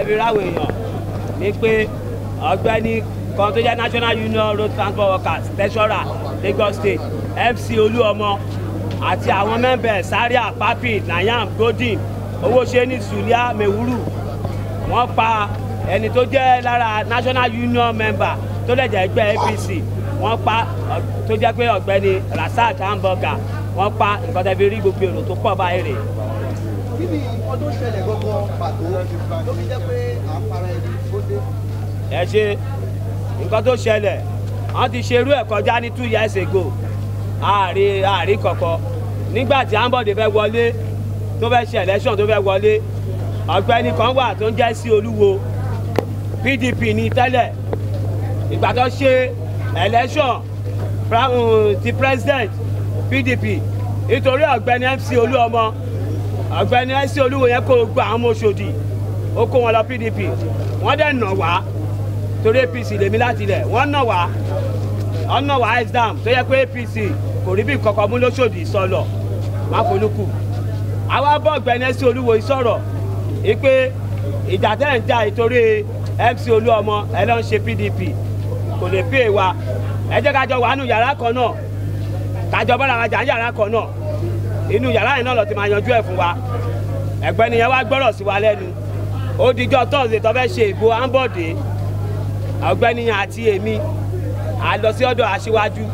ẹbí ráwọ̀ èèyàn ni pé ọ̀gbẹ́ni kan tó jẹ́ national union road transport workers tẹ́sọ́rà Lagos state MC olúọmọ àti àwọn mẹ́mbẹ̀ sáríà papi nayam godin owóṣeni sulia mewuru wọ́n pa ẹni tó jẹ́ lára national union member tó lè jẹ́ ẹgbẹ́ APC wọ́n pa tó jẹ́ pé ọ̀gbẹ́ni rasaq hamburger wọ́n pa nǹkan tẹ́ fi rí gbogbo èrò tó pọ̀ báyìí rèé kí ni nǹkan tó ṣẹlẹ̀ gbọ́ngàn pàtó tó fi jẹ́ pé à ń para ẹni tó dé. ẹ ṣe nǹkan tó ṣẹlẹ̀ wọ́n ti ṣe irú ẹ̀ kọjá ní two years ago ààrí ààrí kọ̀kọ́ nígbà tí ambode fẹ́ wọlé tó fẹ́ ṣe election tó fẹ́ wọlé ọ̀gbẹ́ni kan wà tó ń jẹ́ sí olúwo pdp ní tẹ́lẹ̀ ìgbà tó ṣe election ti president pdp nítorí ọ̀gbẹ́ni mc olúọmọ ọ̀gbẹ́ni ẹ̀sìn olúwo yẹn kó gba àwọn ọmọ Ọ̀ṣọ́dì ó kó wọn lọ PDP wọ́n dẹ̀ nà wá torí APC lèmi láti lẹ̀ wọ́n nà wá wọ́n nà wá exam tó yẹ pé APC kò rí bí kọ̀kọ́ mú lọ́sọ̀dì sọlọ má folúkù àwa bọ́ ọ̀gbẹ́ni ẹ̀sìn olúwo yìí sọ̀rọ̀ ìpè ìjà tẹ́ ń jà ìtorí MC Olúọmọ ẹ lọ ṣe PDP kò lè pè wá ẹ jẹ́ ká jọ wà nù yàrá kan náà ká jọ inú yàrá yẹn náà lọ ti máa yanjú ẹ̀ fún wa ẹ̀gbẹ́ni yẹn wá gbọ́rọ̀ sí wa lẹ́nu ó dijọ́ tọ́sídẹ̀ẹ́ tó fẹ́ ṣe ìbò ambode ọ̀gbẹ́ni yẹn àti èmi a lọ sí ọ̀dọ̀ aṣíwájú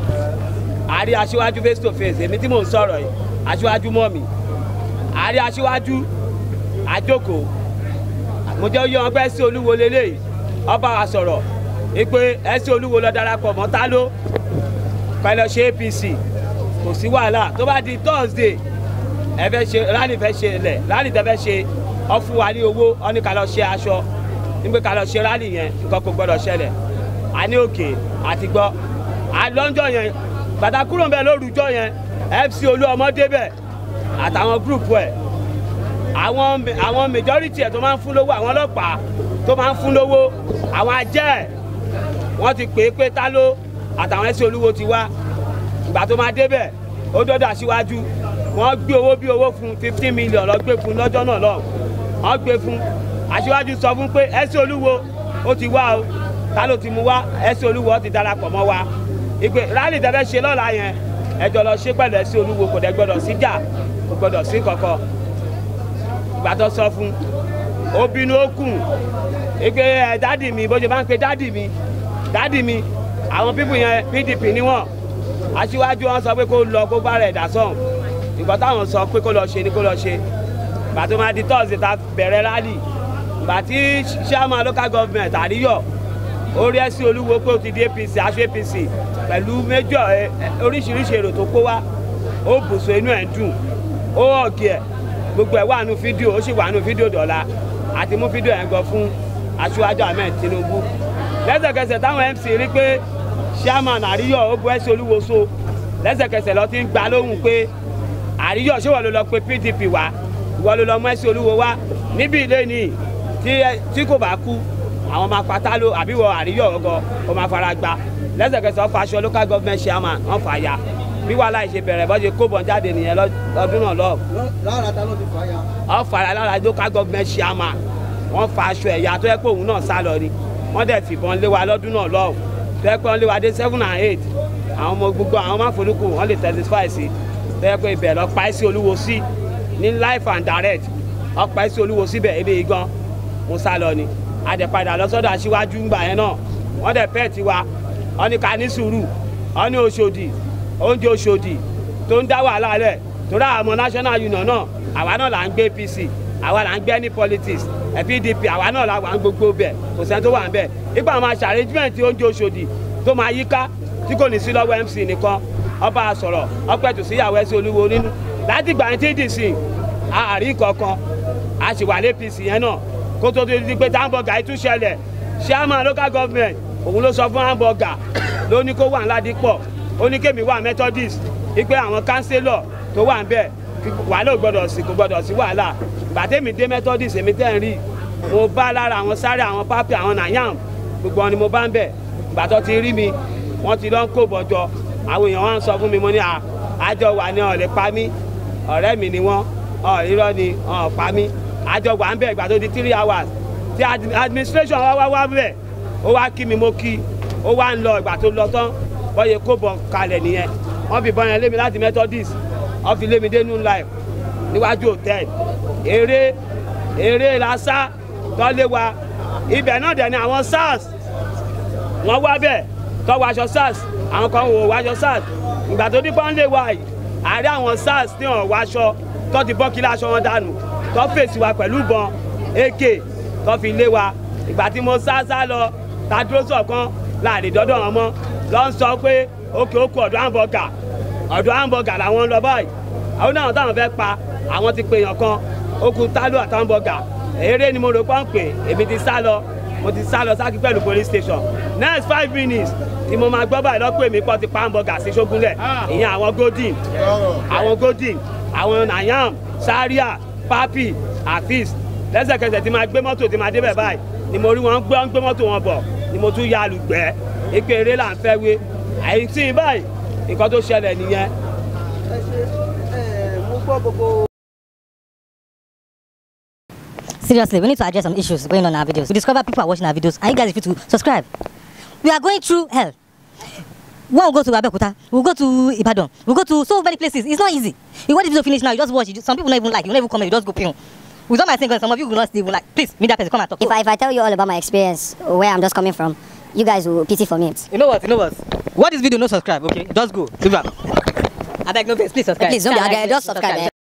a rí aṣíwájú face to face èmi tí mò ń sọ̀rọ̀ yìí aṣíwájú mọ́ mi a rí aṣíwájú àjókòó mo jẹ́ oyè ọgbẹ́ sí olúwo lélẹ́yìí ọba wa sọ̀rọ̀ ìpè ẹ̀sìn olúwo lọ darapọ̀ mọ́ ta ló pẹ̀lú ṣe APC kò sí wàhálà tó bá di thursday ẹ fẹ́ ṣe rally fẹ́ ṣe lẹ̀ rally tẹ́ fẹ́ ṣe ọ fún wa ní owó ọ ní ká lọ ṣe aṣọ nígbà ká lọ ṣe rally yẹn nǹkan kò gbọdọ̀ ṣẹlẹ̀ a ní òkè àti gbọ́ àlọ́njọ́ yẹn bàtà kúrò ń bẹ lórúkọ yẹn fc olúọmọ débẹ̀ àtàwọn gúrùpù ẹ̀ àwọn àwọn majority ẹ̀ tó máa ń fún lówó àwọn ọlọ́pàá tó máa ń fún lówó àwọn ajẹ́ ẹ̀ wọ́n ti pè é pé ta ló àtàwọn fc olúwo ti wá ìgbà tó máa débẹ̀ ó dọ́dọ̀ aṣíwájú wọ́n gbé owó bí owó fún fifteen million lọ gbé fún lọ́jọ́ náà lọ wọ́n gbé fún aṣíwájú sọ fún pé ẹsẹ olúwo ó ti wá o ta ló ti mú wá ẹsẹ olúwo ti darapọ̀ mọ́ wa ìpè rálì tẹ́fẹ́ ṣe lọ́la yẹn ẹjọ́ lọ ṣe pẹ̀lú ẹsẹ olúwo kò dẹ̀ gbọ́dọ̀ sí jà kò gbọ́dọ̀ sí kọ̀kọ́ ìgbà tó sọ fún ó bínú ó kùn ìpè ẹ dádì mi bó ṣe bá ń pe dádì mi dádì mi àwọn pípù yẹn pdp ni wọ́n aṣíwájú wọn sọ pé kó lọ kó bá rẹ̀ dà sọ̀hún nǹkan táwọn sọ pé kó lọ ṣe ni kó lọ ṣe ìgbà tó máa di tọ́sí ta bẹ̀rẹ̀ rálì ìgbà tí chairman local government àríyọ̀ ó rí ẹ́ sí olúwo pé ó ti di apc aṣọ apc pẹ̀lú méjọ oríṣiríṣi èrò tó kó wá ó bùsùn inú ẹ̀ dùn ó ọ̀gì ẹ̀ gbogbo ẹ̀ wà nù fídíò ó sì wà nù fídíò dọ̀la àti mú fídíò yẹn gan fún aṣíwájú ahmed tinubu lẹ́sẹ̀kẹsẹ̀ táwọn mc rí pé chairman àríyọ̀ ogun ẹ̀sìn olúwoṣo lẹ́sẹ̀kẹsẹ̀ lọ ti ń gba lóhùn pé àríyọ̀ ṣé wọ́n ló lọ pe PDP wá ìwọ́n ló lọ mú ẹ̀sìn olúwo wá níbi ilé ni tí kò bá kú àwọn máa pátá ló àbí wọ àríyọ̀ ọgọ ó máa fara gba lẹ́sẹ̀kẹsẹ̀ wọ́n faṣọ local government chairman wọ́n fà ya bí wàhálà ìṣe bẹ̀rẹ̀ bọ́ ṣe kóbọ̀ jáde nìyẹn lọ́dún náà lọ. lára ta ló ti fà ya. wọ́n fara lára local government chairman wọ́n fa aṣọ ẹ̀yà tó yẹ pé òun náà sá lọ ni wọ́n dẹ̀ fìbọn lé wa lọ́dún náà lọ́wọ́ tẹ́pẹ́ wọ́n lè wá dé seven and eight àwọn ọmọ gbogbo àwọn máa forúkọ wọ́n lè testify sí tẹ́pẹ́ ibẹ̀ lọ pa sí olúwo sí ní life and direct wọ́n pa sí olúwo síbẹ̀ ebi gan mo sá lọ ni àdẹ̀padà lọ́sọ́dọ̀ aṣíwájú ńgbà yẹn náà wọ́n dẹ̀ pẹ́ẹ́ ti wa wọ́n ní ká ní sùúrù wọ́n ní Òṣòdì oúnjẹ Òṣòdì tó ń dá wàhálà lẹ̀ tó rà àmọ́ national union náà àwa náà là ń gbé APC àwa là ń gbẹ́ ní politics PDP àwa náà la wà ń gbogbo bẹ̀ kò sẹ́ni tó wà ń bẹ̀ ipa máa ṣe arrangement oúnjẹ Òṣòdì tó máa yíká tí kò ní sí lọ́wọ́ MC nìkan ọba sọ̀rọ̀ ọpẹ́tù síyàwó ẹsẹ̀ olúwo nínú láti gbà ní TDC àárín kankan a sì wà lẹ́pìsì yẹn náà kó tó di pé táǹbọ̀gà yìí tún ṣẹlẹ̀ chairman local government òun ló sọ fún hamburger ló ní kó wà ńlá dípọ̀ ó ní kémi wà Methodist ipe àwọn councillor tó wà ń bẹ̀ wàhálà ò gbọdọ̀ sí kò gbọdọ̀ sí wàhálà gbàtẹ́mi dé methodist èmi tẹ́ ń rí mo bá lára àwọn sáré àwọn pápí àwọn nàyàm gbogbo wọn ni mo bá ń bẹ̀ gbàtọ́ ti rí mi wọ́n ti lọ ń kó bọ̀jọ àwọn èèyàn wọn sọ fún mi mo ní àjọ wà ní ọ̀lẹ́ pa mí ọ̀rẹ́ mi ni wọ́n irọ́ ni pa mí àjọ wà ń bẹ̀ ìgbà tó di three hours ti administration wa wá wá bẹ̀ ó wá kí mi mo kí ó wá ń lọ ìgbà tó lọ tán wọ́n kó bọ̀ kalẹ̀ nìyẹn wọ́n fi bọ́ lé mi láti methodist wọ́n fi lé mi dé new life níwájú hòtẹ́ẹ̀lì eré eré lásá tọ́lé wa ibẹ̀ náà dẹ̀ ni àwọn SARS wọ́n wá bẹ̀ tọ́ wọ aṣọ SARS àwọn kan wò wọ aṣọ SARS ìgbà tó dípọ́ ń lé wa yìí àárẹ̀ àwọn SARS ní ọ̀rọ̀ wọ aṣọ tọ́ ti bọ́ kílá aṣọ wọn dànù tọ́ fèsì wa pẹ̀lú ìbọn AK tọ́ fi lé wa ìgbà tí mo sá sá lọ ta dúró sọ̀kan láàrin dọ́dọ̀ wọn mọ́ lọ́ ń sọ pé ókè ókè ọ̀dọ́ àǹbọ̀kà ọ̀dọ̀ hamburger làwọn ń lọ báyìí àwọn náà táwọn fẹ́ pa àwọn ti pèèyàn kan okùn tálù àti hamburger eré ni mo rò pọ́n pé èmi ti sá lọ mo ti sá lọ sákì pẹ̀lú police station next five minutes ni mo máa gbọ́ báyìí lọ́pọ̀ èmi pọ́ ti pa hamburger sí ṣógúnlẹ̀ ìyẹn àwọn golden àwọn golden àwọn nayam saria papi afis lẹ́sẹ̀kẹsẹ̀ ti máa gbé mọ́tò ti máa débẹ̀ báyìí ni mo rí wọn gbé mọ́tò wọn bọ̀ ni mo tún ya alùgbẹ́ ìpè eré là ń fẹ́ wé àyè tí ì báyìí nǹkan tó ṣẹlẹ̀ nìyẹn. ẹ ṣe ẹ mo gbọ́ gbogbo. Seriously, we need to address some issues going on in our videos. We discover people are watching our videos, and you guys, if to subscribe, we are going through hell. One will go to Abeokuta, we'll go to Ibadan, we'll go to so many places. It's not easy. You want this video finish now, you just watch it. Some people don't even like, you don't even comment, you just go ping. Without my single, some of you will not even like, please, meet that person, come and talk. If I, if I tell you all about my experience, where I'm just coming from, you guys will pity for me. You know what? You know what? What this video? No subscribe. Okay, just go. Subscribe. I beg no please subscribe. Please don't be just subscribe. Eh?